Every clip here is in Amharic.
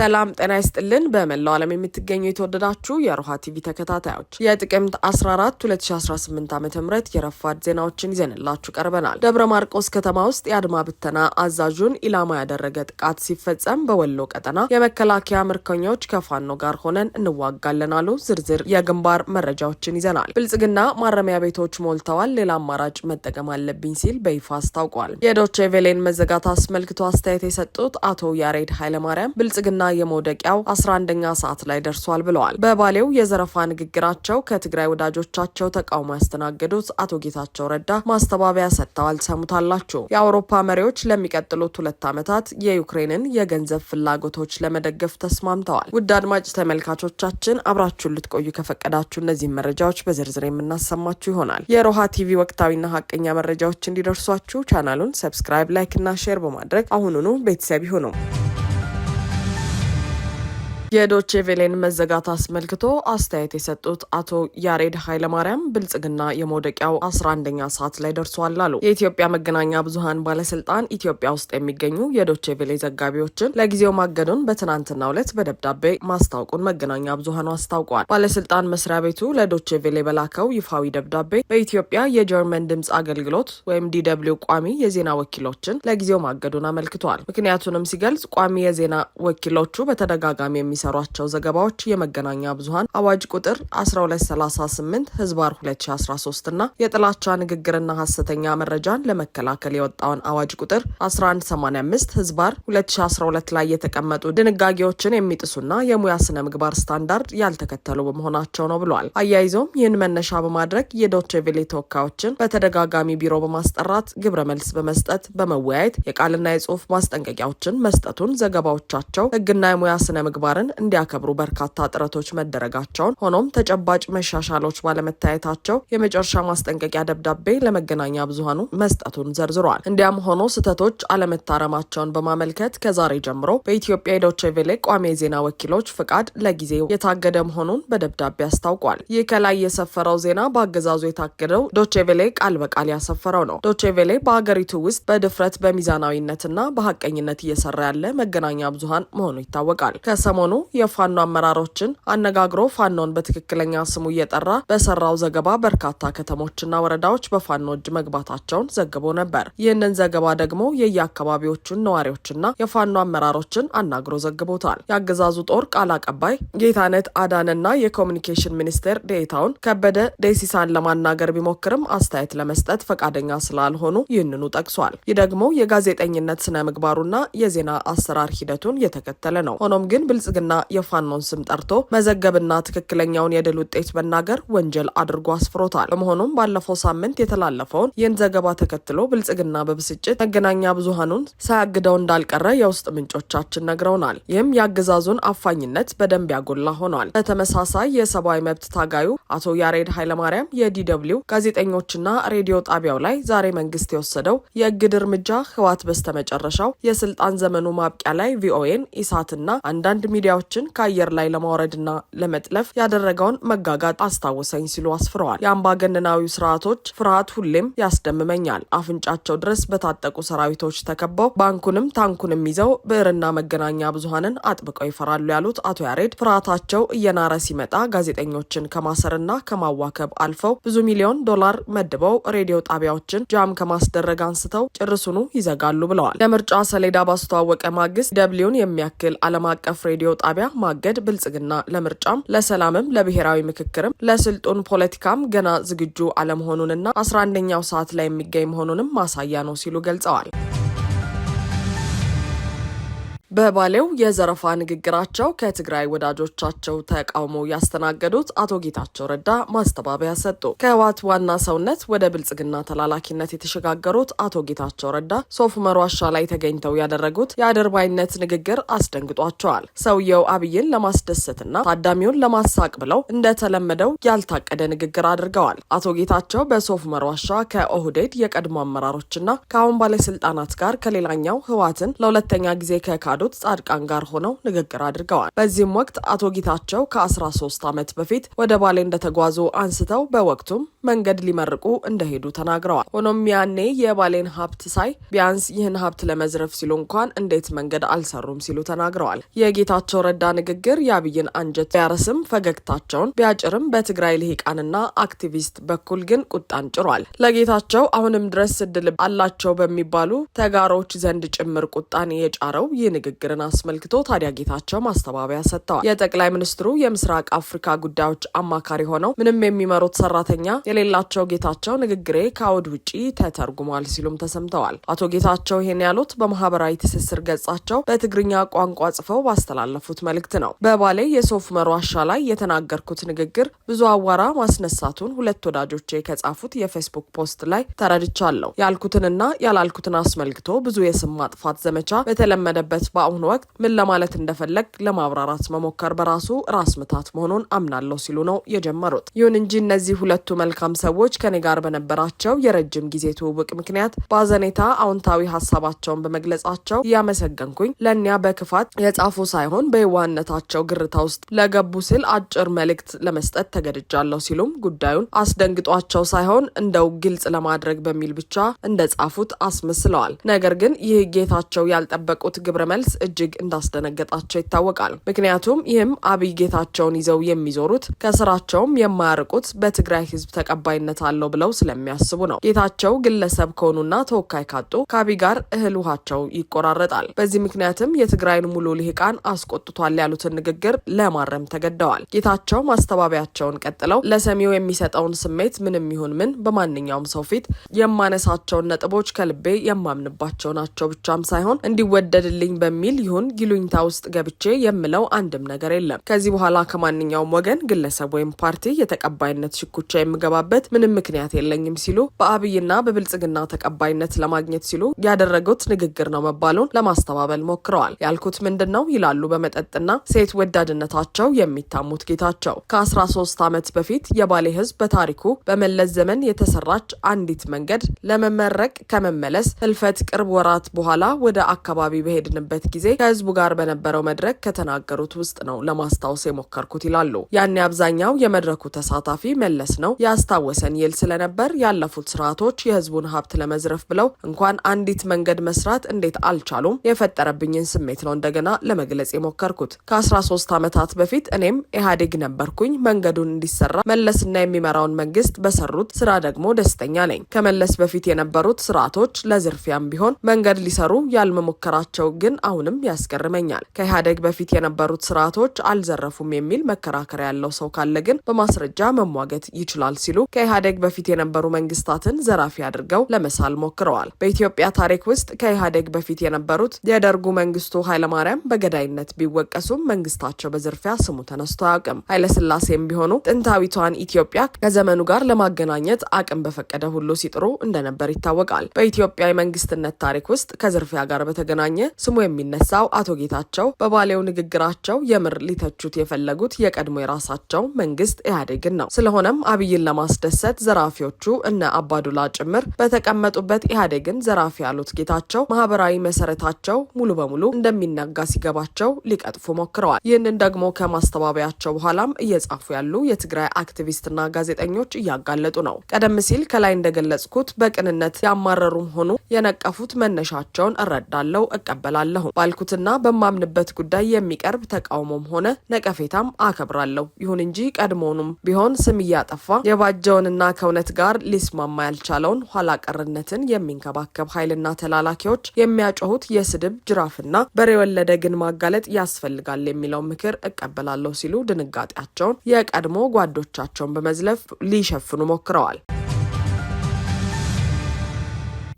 ሰላም ጤና ይስጥልን። በመላው ዓለም የምትገኙ የተወደዳችሁ የሮሃ ቲቪ ተከታታዮች የጥቅምት 14 2018 ዓ ም የረፋድ ዜናዎችን ይዘንላችሁ ቀርበናል። ደብረ ማርቆስ ከተማ ውስጥ የአድማ ብተና አዛዡን ኢላማ ያደረገ ጥቃት ሲፈጸም በወሎ ቀጠና የመከላከያ ምርኮኞች ከፋኖ ጋር ሆነን እንዋጋለን አሉ። ዝርዝር የግንባር መረጃዎችን ይዘናል። ብልጽግና ማረሚያ ቤቶች ሞልተዋል፣ ሌላ አማራጭ መጠቀም አለብኝ ሲል በይፋ አስታውቋል። የዶቼ ቬሌን መዘጋት አስመልክቶ አስተያየት የሰጡት አቶ ያሬድ ኃይለማርያም ብልጽግና የመውደቂያው 11ኛ ሰዓት ላይ ደርሷል ብለዋል። በባሌው የዘረፋ ንግግራቸው ከትግራይ ወዳጆቻቸው ተቃውሞ ያስተናገዱት አቶ ጌታቸው ረዳ ማስተባበያ ሰጥተዋል። ሰሙታላችሁ። የአውሮፓ መሪዎች ለሚቀጥሉት ሁለት ዓመታት የዩክሬንን የገንዘብ ፍላጎቶች ለመደገፍ ተስማምተዋል። ውድ አድማጭ ተመልካቾቻችን አብራችሁን ልትቆዩ ከፈቀዳችሁ እነዚህን መረጃዎች በዝርዝር የምናሰማችሁ ይሆናል። የሮሃ ቲቪ ወቅታዊና ሀቀኛ መረጃዎች እንዲደርሷችሁ ቻናሉን ሰብስክራይብ፣ ላይክ እና ሼር በማድረግ አሁኑኑ ቤተሰብ ይሁኑ። የዶቼ ቬሌን መዘጋት አስመልክቶ አስተያየት የሰጡት አቶ ያሬድ ኃይለማርያም ብልጽግና የመውደቂያው አስራ አንደኛ ሰዓት ላይ ደርሷል አሉ። የኢትዮጵያ መገናኛ ብዙሀን ባለስልጣን ኢትዮጵያ ውስጥ የሚገኙ የዶቼ ቬሌ ዘጋቢዎችን ለጊዜው ማገዱን በትናንትናው ዕለት በደብዳቤ ማስታወቁን መገናኛ ብዙሀኑ አስታውቋል። ባለስልጣን መስሪያ ቤቱ ለዶቼ ቬሌ በላከው ይፋዊ ደብዳቤ በኢትዮጵያ የጀርመን ድምፅ አገልግሎት ወይም ዲደብሊው ቋሚ የዜና ወኪሎችን ለጊዜው ማገዱን አመልክቷል። ምክንያቱንም ሲገልጽ ቋሚ የዜና ወኪሎቹ በተደጋጋሚ የሚ በሚሰሯቸው ዘገባዎች የመገናኛ ብዙሀን አዋጅ ቁጥር 1238 ህዝባር 2013 እና የጥላቻ ንግግርና ሀሰተኛ መረጃን ለመከላከል የወጣውን አዋጅ ቁጥር 1185 ህዝባር 2012 ላይ የተቀመጡ ድንጋጌዎችን የሚጥሱና የሙያ ስነ ምግባር ስታንዳርድ ያልተከተሉ በመሆናቸው ነው ብሏል። አያይዞም ይህን መነሻ በማድረግ የዶቼ ቬሌ ተወካዮችን በተደጋጋሚ ቢሮ በማስጠራት ግብረ መልስ በመስጠት በመወያየት የቃልና የጽሁፍ ማስጠንቀቂያዎችን መስጠቱን ዘገባዎቻቸው ህግና የሙያ ስነ ምግባርን እንዲያከብሩ በርካታ ጥረቶች መደረጋቸውን፣ ሆኖም ተጨባጭ መሻሻሎች ባለመታየታቸው የመጨረሻ ማስጠንቀቂያ ደብዳቤ ለመገናኛ ብዙሀኑ መስጠቱን ዘርዝሯል። እንዲያም ሆኖ ስህተቶች አለመታረማቸውን በማመልከት ከዛሬ ጀምሮ በኢትዮጵያ የዶቼ ቬሌ ቋሚ የዜና ወኪሎች ፍቃድ ለጊዜው የታገደ መሆኑን በደብዳቤ አስታውቋል። ይህ ከላይ የሰፈረው ዜና በአገዛዙ የታገደው ዶቼ ቬሌ ቃል በቃል ያሰፈረው ነው። ዶቼ ቬሌ ውስጥ በድፍረት በሚዛናዊነትና በሀቀኝነት እየሰራ ያለ መገናኛ ብዙሀን መሆኑ ይታወቃል። ከሰሞኑ የፋኖ አመራሮችን አነጋግሮ ፋኖን በትክክለኛ ስሙ እየጠራ በሰራው ዘገባ በርካታ ከተሞችና ወረዳዎች በፋኖ እጅ መግባታቸውን ዘግቦ ነበር። ይህንን ዘገባ ደግሞ የየአካባቢዎቹን ነዋሪዎችና የፋኖ አመራሮችን አናግሮ ዘግቦታል። የአገዛዙ ጦር ቃል አቀባይ ጌታነት አዳንና የኮሚኒኬሽን ሚኒስቴር ዴኤታውን ከበደ ደሲሳን ለማናገር ቢሞክርም አስተያየት ለመስጠት ፈቃደኛ ስላልሆኑ ይህንኑ ጠቅሷል። ይህ ደግሞ የጋዜጠኝነት ስነ ምግባሩና የዜና አሰራር ሂደቱን የተከተለ ነው። ሆኖም ግን ብልጽግና እና የፋኖን ስም ጠርቶ መዘገብና ትክክለኛውን የድል ውጤት መናገር ወንጀል አድርጎ አስፍሮታል። በመሆኑም ባለፈው ሳምንት የተላለፈውን ይህን ዘገባ ተከትሎ ብልጽግና በብስጭት መገናኛ ብዙሃኑን ሳያግደው እንዳልቀረ የውስጥ ምንጮቻችን ነግረውናል። ይህም የአገዛዙን አፋኝነት በደንብ ያጎላ ሆኗል። በተመሳሳይ የሰብአዊ መብት ታጋዩ አቶ ያሬድ ኃይለማርያም የዲደብሊው ጋዜጠኞችና ሬዲዮ ጣቢያው ላይ ዛሬ መንግስት የወሰደው የእግድ እርምጃ ህዋት በስተመጨረሻው የስልጣን ዘመኑ ማብቂያ ላይ ቪኦኤን፣ ኢሳትና አንዳንድ ሚዲያ መሳሪያዎችን ከአየር ላይ ለማውረድና ለመጥለፍ ያደረገውን መጋጋጥ አስታወሰኝ ሲሉ አስፍረዋል። የአምባገነናዊ ስርዓቶች ፍርሃት ሁሌም ያስደምመኛል። አፍንጫቸው ድረስ በታጠቁ ሰራዊቶች ተከበው ባንኩንም ታንኩንም ይዘው ብዕርና መገናኛ ብዙኃንን አጥብቀው ይፈራሉ ያሉት አቶ ያሬድ ፍርሃታቸው እየናረ ሲመጣ ጋዜጠኞችን ከማሰርና ከማዋከብ አልፈው ብዙ ሚሊዮን ዶላር መድበው ሬዲዮ ጣቢያዎችን ጃም ከማስደረግ አንስተው ጭርሱኑ ይዘጋሉ ብለዋል። ለምርጫ ሰሌዳ ባስተዋወቀ ማግስት ደብሊውን የሚያክል ዓለም አቀፍ ሬዲዮ ጣቢያ ማገድ ብልጽግና ለምርጫም ለሰላምም ለብሔራዊ ምክክርም ለስልጡን ፖለቲካም ገና ዝግጁ አለመሆኑንና አስራ አንደኛው ሰዓት ላይ የሚገኝ መሆኑንም ማሳያ ነው ሲሉ ገልጸዋል። በባሌው የዘረፋ ንግግራቸው ከትግራይ ወዳጆቻቸው ተቃውሞ ያስተናገዱት አቶ ጌታቸው ረዳ ማስተባበያ ሰጡ። ከህወሓት ዋና ሰውነት ወደ ብልጽግና ተላላኪነት የተሸጋገሩት አቶ ጌታቸው ረዳ ሶፍ ዑመር ዋሻ ላይ ተገኝተው ያደረጉት የአደርባይነት ንግግር አስደንግጧቸዋል። ሰውየው አብይን ለማስደሰትና ታዳሚውን ለማሳቅ ብለው እንደተለመደው ያልታቀደ ንግግር አድርገዋል። አቶ ጌታቸው በሶፍ ዑመር ዋሻ ከኦህዴድ የቀድሞ አመራሮችና ከአሁን ባለስልጣናት ጋር ከሌላኛው ህወሓትን ለሁለተኛ ጊዜ ከካዱ ከሚሉት ጻድቃን ጋር ሆነው ንግግር አድርገዋል። በዚህም ወቅት አቶ ጌታቸው ከ13 ዓመት በፊት ወደ ባሌ እንደተጓዙ አንስተው በወቅቱም መንገድ ሊመርቁ እንደሄዱ ተናግረዋል። ሆኖም ያኔ የባሌን ሀብት ሳይ ቢያንስ ይህን ሀብት ለመዝረፍ ሲሉ እንኳን እንዴት መንገድ አልሰሩም ሲሉ ተናግረዋል። የጌታቸው ረዳ ንግግር የአብይን አንጀት ቢያረስም ፈገግታቸውን ቢያጭርም በትግራይ ልሂቃንና አክቲቪስት በኩል ግን ቁጣን ጭሯል። ለጌታቸው አሁንም ድረስ እድል አላቸው በሚባሉ ተጋሮች ዘንድ ጭምር ቁጣን የጫረው ይህ ንግግር ንግግርን አስመልክቶ ታዲያ ጌታቸው ማስተባበያ ሰጥተዋል። የጠቅላይ ሚኒስትሩ የምስራቅ አፍሪካ ጉዳዮች አማካሪ ሆነው ምንም የሚመሩት ሰራተኛ የሌላቸው ጌታቸው ንግግሬ ከአውድ ውጪ ተተርጉሟል ሲሉም ተሰምተዋል። አቶ ጌታቸው ይህን ያሉት በማህበራዊ ትስስር ገጻቸው በትግርኛ ቋንቋ ጽፈው ባስተላለፉት መልእክት ነው። በባሌ የሶፍ መር ዋሻ ላይ የተናገርኩት ንግግር ብዙ አዋራ ማስነሳቱን ሁለት ወዳጆቼ ከጻፉት የፌስቡክ ፖስት ላይ ተረድቻለሁ። ያልኩትንና ያላልኩትን አስመልክቶ ብዙ የስም ማጥፋት ዘመቻ በተለመደበት በአሁኑ ወቅት ምን ለማለት እንደፈለግ ለማብራራት መሞከር በራሱ ራስ ምታት መሆኑን አምናለሁ ሲሉ ነው የጀመሩት። ይሁን እንጂ እነዚህ ሁለቱ መልካም ሰዎች ከኔ ጋር በነበራቸው የረጅም ጊዜ ትውውቅ ምክንያት በአዘኔታ አዎንታዊ ሀሳባቸውን በመግለጻቸው እያመሰገንኩኝ ለእኒያ በክፋት የጻፉ ሳይሆን በየዋህነታቸው ግርታ ውስጥ ለገቡ ስል አጭር መልእክት ለመስጠት ተገድጃለሁ ሲሉም ጉዳዩን አስደንግጧቸው ሳይሆን እንደው ግልጽ ለማድረግ በሚል ብቻ እንደጻፉት አስመስለዋል። ነገር ግን ይህ ጌታቸው ያልጠበቁት ግብረ መልስ መመለስ እጅግ እንዳስደነገጣቸው ይታወቃል። ምክንያቱም ይህም አብይ ጌታቸውን ይዘው የሚዞሩት ከስራቸውም የማያርቁት በትግራይ ህዝብ ተቀባይነት አለው ብለው ስለሚያስቡ ነው። ጌታቸው ግለሰብ ከሆኑና ተወካይ ካጡ ከአብይ ጋር እህል ውሃቸው ይቆራረጣል። በዚህ ምክንያትም የትግራይን ሙሉ ልሂቃን አስቆጥቷል ያሉትን ንግግር ለማረም ተገደዋል። ጌታቸው ማስተባበያቸውን ቀጥለው ለሰሚው የሚሰጠውን ስሜት ምንም ይሁን ምን በማንኛውም ሰው ፊት የማነሳቸውን ነጥቦች ከልቤ የማምንባቸው ናቸው ብቻም ሳይሆን እንዲወደድልኝ በሚ በሚል ይሁን ይሉኝታ ውስጥ ገብቼ የምለው አንድም ነገር የለም። ከዚህ በኋላ ከማንኛውም ወገን ግለሰብ ወይም ፓርቲ የተቀባይነት ሽኩቻ የምገባበት ምንም ምክንያት የለኝም ሲሉ በአብይና በብልጽግና ተቀባይነት ለማግኘት ሲሉ ያደረጉት ንግግር ነው መባሉን ለማስተባበል ሞክረዋል። ያልኩት ምንድን ነው ይላሉ በመጠጥና ሴት ወዳድነታቸው የሚታሙት ጌታቸው ከ ከ13 ዓመት በፊት የባሌ ህዝብ በታሪኩ በመለስ ዘመን የተሰራች አንዲት መንገድ ለመመረቅ ከመመለስ ህልፈት ቅርብ ወራት በኋላ ወደ አካባቢ በሄድንበት ጊዜ ከህዝቡ ጋር በነበረው መድረክ ከተናገሩት ውስጥ ነው ለማስታወስ የሞከርኩት ይላሉ። ያኔ አብዛኛው የመድረኩ ተሳታፊ መለስ ነው ያስታወሰን ይል ስለነበር ያለፉት ስርዓቶች የህዝቡን ሀብት ለመዝረፍ ብለው እንኳን አንዲት መንገድ መስራት እንዴት አልቻሉም? የፈጠረብኝን ስሜት ነው እንደገና ለመግለጽ የሞከርኩት። ከ ከ13 ዓመታት በፊት እኔም ኢህአዴግ ነበርኩኝ። መንገዱን እንዲሰራ መለስና የሚመራውን መንግስት በሰሩት ስራ ደግሞ ደስተኛ ነኝ። ከመለስ በፊት የነበሩት ስርዓቶች ለዝርፊያም ቢሆን መንገድ ሊሰሩ ያልመሞከራቸው ግን አሁን አሁንም ያስገርመኛል። ከኢህአዴግ በፊት የነበሩት ስርዓቶች አልዘረፉም የሚል መከራከሪያ ያለው ሰው ካለ ግን በማስረጃ መሟገት ይችላል ሲሉ ከኢህአዴግ በፊት የነበሩ መንግስታትን ዘራፊ አድርገው ለመሳል ሞክረዋል። በኢትዮጵያ ታሪክ ውስጥ ከኢህአዴግ በፊት የነበሩት የደርጉ መንግስቱ ኃይለማርያም በገዳይነት ቢወቀሱም መንግስታቸው በዝርፊያ ስሙ ተነስቶ አያውቅም። ኃይለስላሴም ቢሆኑ ጥንታዊቷን ኢትዮጵያ ከዘመኑ ጋር ለማገናኘት አቅም በፈቀደ ሁሉ ሲጥሩ እንደነበር ይታወቃል። በኢትዮጵያ የመንግስትነት ታሪክ ውስጥ ከዝርፊያ ጋር በተገናኘ ስሙ የሚ የሚነሳው አቶ ጌታቸው በባሌው ንግግራቸው የምር ሊተቹት የፈለጉት የቀድሞ የራሳቸው መንግስት ኢህአዴግን ነው። ስለሆነም አብይን ለማስደሰት ዘራፊዎቹ እነ አባዱላ ጭምር በተቀመጡበት ኢህአዴግን ዘራፊ ያሉት ጌታቸው ማህበራዊ መሰረታቸው ሙሉ በሙሉ እንደሚናጋ ሲገባቸው ሊቀጥፉ ሞክረዋል። ይህንን ደግሞ ከማስተባበያቸው በኋላም እየጻፉ ያሉ የትግራይ አክቲቪስትና ጋዜጠኞች እያጋለጡ ነው። ቀደም ሲል ከላይ እንደገለጽኩት በቅንነት ያማረሩም ሆኑ የነቀፉት መነሻቸውን እረዳለሁ፣ እቀበላለሁ። ባልኩትና በማምንበት ጉዳይ የሚቀርብ ተቃውሞም ሆነ ነቀፌታም አከብራለሁ። ይሁን እንጂ ቀድሞውኑም ቢሆን ስም እያጠፋ የባጀውንና ከእውነት ጋር ሊስማማ ያልቻለውን ኋላ ቀርነትን የሚንከባከብ ኃይልና ተላላኪዎች የሚያጮሁት የስድብ ጅራፍና በሬ የወለደ ግን ማጋለጥ ያስፈልጋል የሚለው ምክር እቀበላለሁ ሲሉ ድንጋጤያቸውን የቀድሞ ጓዶቻቸውን በመዝለፍ ሊሸፍኑ ሞክረዋል።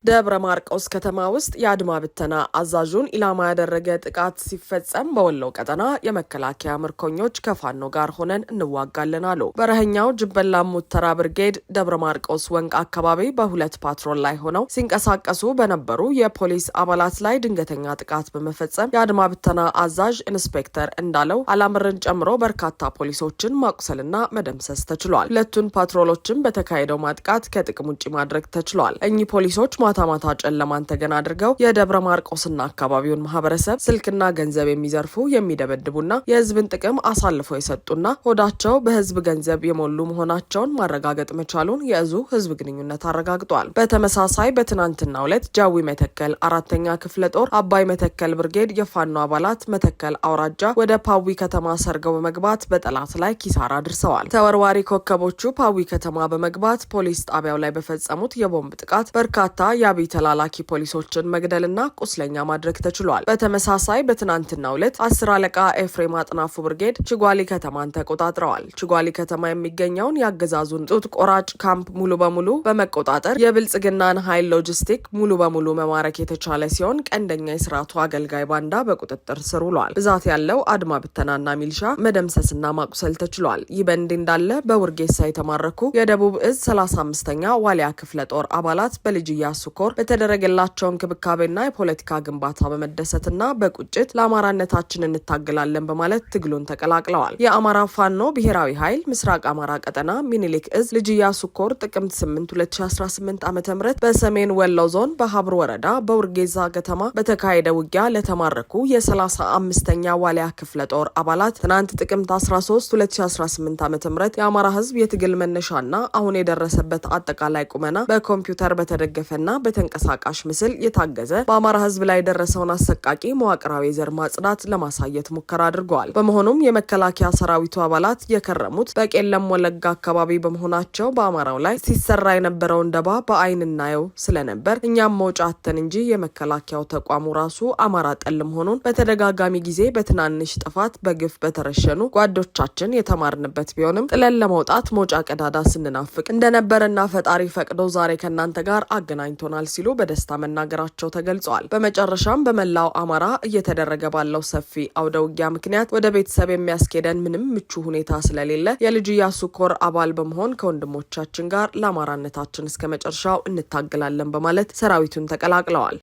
ደብረ ማርቆስ ከተማ ውስጥ የአድማ ብተና አዛዡን ኢላማ ያደረገ ጥቃት ሲፈጸም በወሎ ቀጠና የመከላከያ ምርኮኞች ከፋኖ ጋር ሆነን እንዋጋለን አሉ። በረህኛው ጅበላ ሙተራ ብርጌድ ደብረ ማርቆስ ወንቅ አካባቢ በሁለት ፓትሮል ላይ ሆነው ሲንቀሳቀሱ በነበሩ የፖሊስ አባላት ላይ ድንገተኛ ጥቃት በመፈጸም የአድማ ብተና አዛዥ ኢንስፔክተር እንዳለው አላምርን ጨምሮ በርካታ ፖሊሶችን ማቁሰልና መደምሰስ ተችሏል። ሁለቱን ፓትሮሎችን በተካሄደው ማጥቃት ከጥቅም ውጭ ማድረግ ተችሏል። እኚህ ፖሊሶች ማታ ማታ ጨለማን ተገን አድርገው የደብረ ማርቆስና አካባቢውን ማህበረሰብ ስልክና ገንዘብ የሚዘርፉ የሚደበድቡና የህዝብን ጥቅም አሳልፈው የሰጡና ሆዳቸው በህዝብ ገንዘብ የሞሉ መሆናቸውን ማረጋገጥ መቻሉን የእዙ ህዝብ ግንኙነት አረጋግጧል። በተመሳሳይ በትናንትናው ዕለት ጃዊ መተከል አራተኛ ክፍለ ጦር አባይ መተከል ብርጌድ የፋኖ አባላት መተከል አውራጃ ወደ ፓዊ ከተማ ሰርገው በመግባት በጠላት ላይ ኪሳራ አድርሰዋል። ተወርዋሪ ኮከቦቹ ፓዊ ከተማ በመግባት ፖሊስ ጣቢያው ላይ በፈጸሙት የቦምብ ጥቃት በርካታ የአብይ ተላላኪ ፖሊሶችን መግደልና ቁስለኛ ማድረግ ተችሏል። በተመሳሳይ በትናንትናው ዕለት አስር አለቃ ኤፍሬም አጥናፉ ብርጌድ ችጓሊ ከተማን ተቆጣጥረዋል። ችጓሊ ከተማ የሚገኘውን የአገዛዙን ጡት ቆራጭ ካምፕ ሙሉ በሙሉ በመቆጣጠር የብልጽግናን ኃይል ሎጂስቲክ ሙሉ በሙሉ መማረክ የተቻለ ሲሆን ቀንደኛ የስርዓቱ አገልጋይ ባንዳ በቁጥጥር ስር ውሏል። ብዛት ያለው አድማ ብተናና ሚልሻ መደምሰስና ማቁሰል ተችሏል። ይህ በእንዲህ እንዳለ በውርጌሳ የተማረኩ የደቡብ እዝ 35ኛ ዋሊያ ክፍለ ጦር አባላት በልጅ እያሱ በማትኮር በተደረገላቸው እንክብካቤና የፖለቲካ ግንባታ በመደሰትና በቁጭት ለአማራነታችን እንታገላለን በማለት ትግሉን ተቀላቅለዋል። የአማራ ፋኖ ብሔራዊ ኃይል ምስራቅ አማራ ቀጠና ሚኒሊክ እዝ ልጅያ ሱኮር ጥቅምት 8 2018 ዓ ም በሰሜን ወሎ ዞን በሀብር ወረዳ በውርጌዛ ከተማ በተካሄደ ውጊያ ለተማረኩ የ35ኛ ዋሊያ ክፍለ ጦር አባላት ትናንት ጥቅምት 13 2018 ዓ ም የአማራ ህዝብ የትግል መነሻና አሁን የደረሰበት አጠቃላይ ቁመና በኮምፒውተር በተደገፈና በተንቀሳቃሽ ምስል የታገዘ በአማራ ህዝብ ላይ የደረሰውን አሰቃቂ መዋቅራዊ ዘር ማጽዳት ለማሳየት ሙከራ አድርገዋል። በመሆኑም የመከላከያ ሰራዊቱ አባላት የከረሙት በቄለም ወለጋ አካባቢ በመሆናቸው በአማራው ላይ ሲሰራ የነበረውን ደባ በአይን እናየው ስለነበር እኛም መውጫ አተን እንጂ የመከላከያው ተቋሙ ራሱ አማራ ጠል መሆኑን በተደጋጋሚ ጊዜ በትናንሽ ጥፋት በግፍ በተረሸኑ ጓዶቻችን የተማርንበት ቢሆንም ጥለን ለመውጣት መውጫ ቀዳዳ ስንናፍቅ እንደነበረና ፈጣሪ ፈቅዶ ዛሬ ከእናንተ ጋር አገናኝቶ አስደስቶናል ሲሉ በደስታ መናገራቸው ተገልጿል። በመጨረሻም በመላው አማራ እየተደረገ ባለው ሰፊ አውደ ውጊያ ምክንያት ወደ ቤተሰብ የሚያስኬደን ምንም ምቹ ሁኔታ ስለሌለ የልጅ ኢያሱ ኮር አባል በመሆን ከወንድሞቻችን ጋር ለአማራነታችን እስከ መጨረሻው እንታገላለን በማለት ሰራዊቱን ተቀላቅለዋል።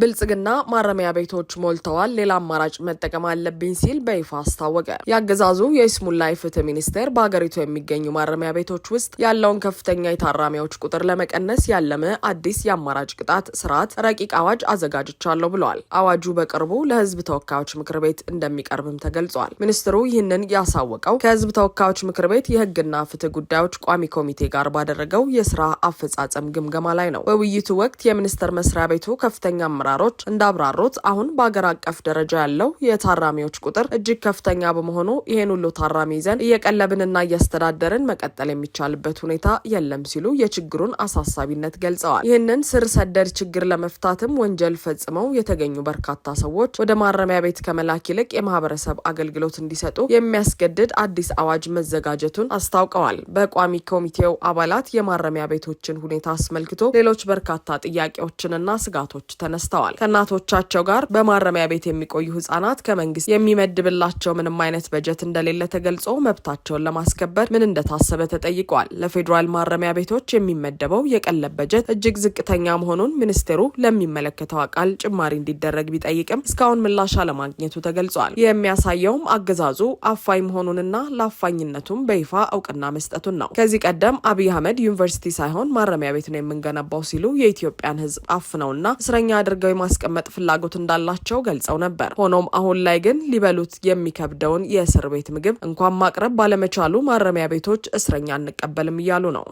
ብልጽግና ማረሚያ ቤቶች ሞልተዋል፣ ሌላ አማራጭ መጠቀም አለብኝ ሲል በይፋ አስታወቀ። የአገዛዙ የይስሙላ ፍትህ ሚኒስቴር በሀገሪቱ የሚገኙ ማረሚያ ቤቶች ውስጥ ያለውን ከፍተኛ የታራሚዎች ቁጥር ለመቀነስ ያለመ አዲስ የአማራጭ ቅጣት ስርዓት ረቂቅ አዋጅ አዘጋጅቻለሁ ብለዋል። አዋጁ በቅርቡ ለህዝብ ተወካዮች ምክር ቤት እንደሚቀርብም ተገልጿል። ሚኒስትሩ ይህንን ያሳወቀው ከህዝብ ተወካዮች ምክር ቤት የህግና ፍትህ ጉዳዮች ቋሚ ኮሚቴ ጋር ባደረገው የስራ አፈጻጸም ግምገማ ላይ ነው። በውይይቱ ወቅት የሚኒስቴር መስሪያ ቤቱ ከፍተኛ አመራ አመራሮች እንዳብራሩት አሁን በአገር አቀፍ ደረጃ ያለው የታራሚዎች ቁጥር እጅግ ከፍተኛ በመሆኑ ይህን ሁሉ ታራሚ ይዘን እየቀለብንና እያስተዳደርን መቀጠል የሚቻልበት ሁኔታ የለም ሲሉ የችግሩን አሳሳቢነት ገልጸዋል። ይህንን ስር ሰደድ ችግር ለመፍታትም ወንጀል ፈጽመው የተገኙ በርካታ ሰዎች ወደ ማረሚያ ቤት ከመላክ ይልቅ የማህበረሰብ አገልግሎት እንዲሰጡ የሚያስገድድ አዲስ አዋጅ መዘጋጀቱን አስታውቀዋል። በቋሚ ኮሚቴው አባላት የማረሚያ ቤቶችን ሁኔታ አስመልክቶ ሌሎች በርካታ ጥያቄዎችንና ስጋቶች ተነስተዋል። ተከስተዋል። ከእናቶቻቸው ጋር በማረሚያ ቤት የሚቆዩ ህጻናት ከመንግስት የሚመድብላቸው ምንም አይነት በጀት እንደሌለ ተገልጾ መብታቸውን ለማስከበር ምን እንደታሰበ ተጠይቀዋል። ለፌዴራል ማረሚያ ቤቶች የሚመደበው የቀለብ በጀት እጅግ ዝቅተኛ መሆኑን ሚኒስቴሩ ለሚመለከተው አካል ጭማሪ እንዲደረግ ቢጠይቅም እስካሁን ምላሽ አለማግኘቱ ተገልጿል። የሚያሳየውም አገዛዙ አፋኝ መሆኑንና ለአፋኝነቱም በይፋ እውቅና መስጠቱን ነው። ከዚህ ቀደም አብይ አህመድ ዩኒቨርሲቲ ሳይሆን ማረሚያ ቤት ነው የምንገነባው ሲሉ የኢትዮጵያን ህዝብ አፍነውና እስረኛ አድርገው አድርገው የማስቀመጥ ፍላጎት እንዳላቸው ገልጸው ነበር። ሆኖም አሁን ላይ ግን ሊበሉት የሚከብደውን የእስር ቤት ምግብ እንኳን ማቅረብ ባለመቻሉ ማረሚያ ቤቶች እስረኛ አንቀበልም እያሉ ነው።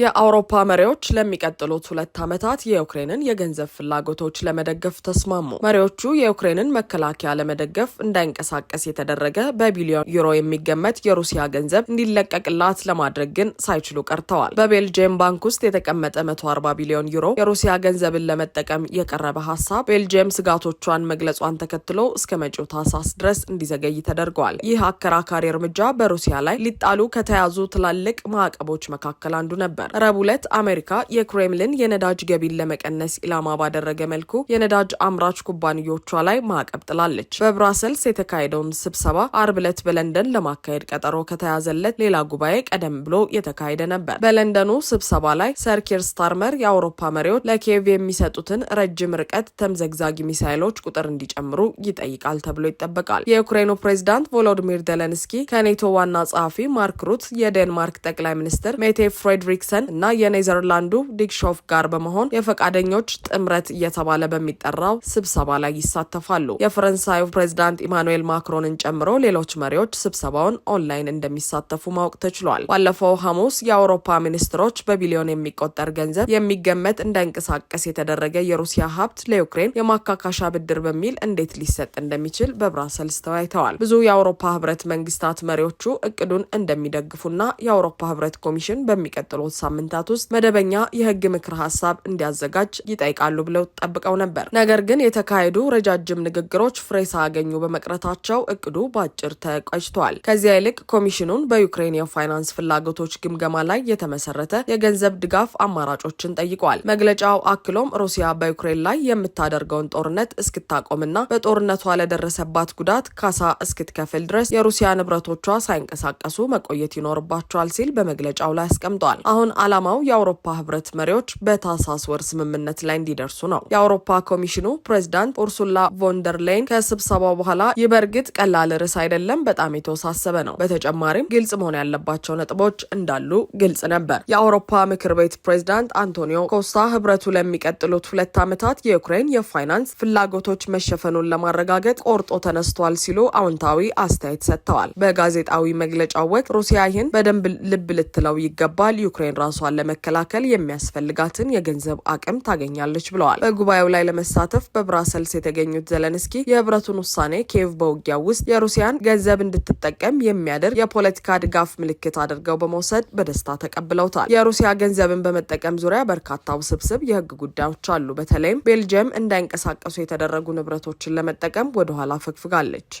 የአውሮፓ መሪዎች ለሚቀጥሉት ሁለት ዓመታት የዩክሬንን የገንዘብ ፍላጎቶች ለመደገፍ ተስማሙ። መሪዎቹ የዩክሬንን መከላከያ ለመደገፍ እንዳይንቀሳቀስ የተደረገ በቢሊዮን ዩሮ የሚገመት የሩሲያ ገንዘብ እንዲለቀቅላት ለማድረግ ግን ሳይችሉ ቀርተዋል። በቤልጅየም ባንክ ውስጥ የተቀመጠ 140 ቢሊዮን ዩሮ የሩሲያ ገንዘብን ለመጠቀም የቀረበ ሀሳብ ቤልጅየም ስጋቶቿን መግለጿን ተከትሎ እስከ መጪው ታህሳስ ድረስ እንዲዘገይ ተደርገዋል። ይህ አከራካሪ እርምጃ በሩሲያ ላይ ሊጣሉ ከተያዙ ትላልቅ ማዕቀቦች መካከል አንዱ ነበር። ነበር። ረቡዕ ዕለት አሜሪካ የክሬምሊን የነዳጅ ገቢን ለመቀነስ ኢላማ ባደረገ መልኩ የነዳጅ አምራች ኩባንያዎቿ ላይ ማዕቀብ ጥላለች። በብራሰልስ የተካሄደውን ስብሰባ አርብ ዕለት በለንደን ለማካሄድ ቀጠሮ ከተያዘለት ሌላ ጉባኤ ቀደም ብሎ የተካሄደ ነበር። በለንደኑ ስብሰባ ላይ ሰር ኬር ስታርመር የአውሮፓ መሪዎች ለኪየቭ የሚሰጡትን ረጅም ርቀት ተምዘግዛጊ ሚሳይሎች ቁጥር እንዲጨምሩ ይጠይቃል ተብሎ ይጠበቃል። የዩክሬኑ ፕሬዚዳንት ቮሎዲሚር ዘለንስኪ ከኔቶ ዋና ጸሐፊ ማርክ ሩት፣ የዴንማርክ ጠቅላይ ሚኒስትር ሜቴ ፍሬድሪክስ ጃክሰን እና የኔዘርላንዱ ዲግሾፍ ጋር በመሆን የፈቃደኞች ጥምረት እየተባለ በሚጠራው ስብሰባ ላይ ይሳተፋሉ። የፈረንሳዩ ፕሬዚዳንት ኢማኑኤል ማክሮንን ጨምሮ ሌሎች መሪዎች ስብሰባውን ኦንላይን እንደሚሳተፉ ማወቅ ተችሏል። ባለፈው ሐሙስ የአውሮፓ ሚኒስትሮች በቢሊዮን የሚቆጠር ገንዘብ የሚገመት እንዳይንቀሳቀስ የተደረገ የሩሲያ ሀብት ለዩክሬን የማካካሻ ብድር በሚል እንዴት ሊሰጥ እንደሚችል በብራሰልስ ተወያይተዋል። ብዙ የአውሮፓ ህብረት መንግስታት መሪዎቹ እቅዱን እንደሚደግፉና የአውሮፓ ህብረት ኮሚሽን በሚቀጥሉት ሳምንታት ውስጥ መደበኛ የህግ ምክር ሀሳብ እንዲያዘጋጅ ይጠይቃሉ ብለው ጠብቀው ነበር። ነገር ግን የተካሄዱ ረጃጅም ንግግሮች ፍሬ ሳያገኙ በመቅረታቸው እቅዱ በአጭር ተቋጭተዋል። ከዚያ ይልቅ ኮሚሽኑን በዩክሬን የፋይናንስ ፍላጎቶች ግምገማ ላይ የተመሰረተ የገንዘብ ድጋፍ አማራጮችን ጠይቋል። መግለጫው አክሎም ሩሲያ በዩክሬን ላይ የምታደርገውን ጦርነት እስክታቆምና በጦርነቷ ለደረሰባት ጉዳት ካሳ እስክትከፍል ድረስ የሩሲያ ንብረቶቿ ሳይንቀሳቀሱ መቆየት ይኖርባቸዋል ሲል በመግለጫው ላይ አስቀምጧል። አሁን ዓላማው የአውሮፓ ህብረት መሪዎች በታህሳስ ወር ስምምነት ላይ እንዲደርሱ ነው። የአውሮፓ ኮሚሽኑ ፕሬዚዳንት ኡርሱላ ቮንደርላይን ከስብሰባው በኋላ ይህ በእርግጥ ቀላል ርዕስ አይደለም፣ በጣም የተወሳሰበ ነው። በተጨማሪም ግልጽ መሆን ያለባቸው ነጥቦች እንዳሉ ግልጽ ነበር። የአውሮፓ ምክር ቤት ፕሬዚዳንት አንቶኒዮ ኮስታ ህብረቱ ለሚቀጥሉት ሁለት ዓመታት የዩክሬን የፋይናንስ ፍላጎቶች መሸፈኑን ለማረጋገጥ ቆርጦ ተነስቷል ሲሉ አዎንታዊ አስተያየት ሰጥተዋል። በጋዜጣዊ መግለጫው ወቅት ሩሲያ ይህን በደንብ ልብ ልትለው ይገባል፣ ዩክሬን ራሷን ለመከላከል የሚያስፈልጋትን የገንዘብ አቅም ታገኛለች ብለዋል። በጉባኤው ላይ ለመሳተፍ በብራሰልስ የተገኙት ዘለንስኪ የህብረቱን ውሳኔ ኪየቭ በውጊያው ውስጥ የሩሲያን ገንዘብ እንድትጠቀም የሚያደርግ የፖለቲካ ድጋፍ ምልክት አድርገው በመውሰድ በደስታ ተቀብለውታል። የሩሲያ ገንዘብን በመጠቀም ዙሪያ በርካታ ውስብስብ የህግ ጉዳዮች አሉ። በተለይም ቤልጅየም እንዳይንቀሳቀሱ የተደረጉ ንብረቶችን ለመጠቀም ወደኋላ ፈግፍጋለች።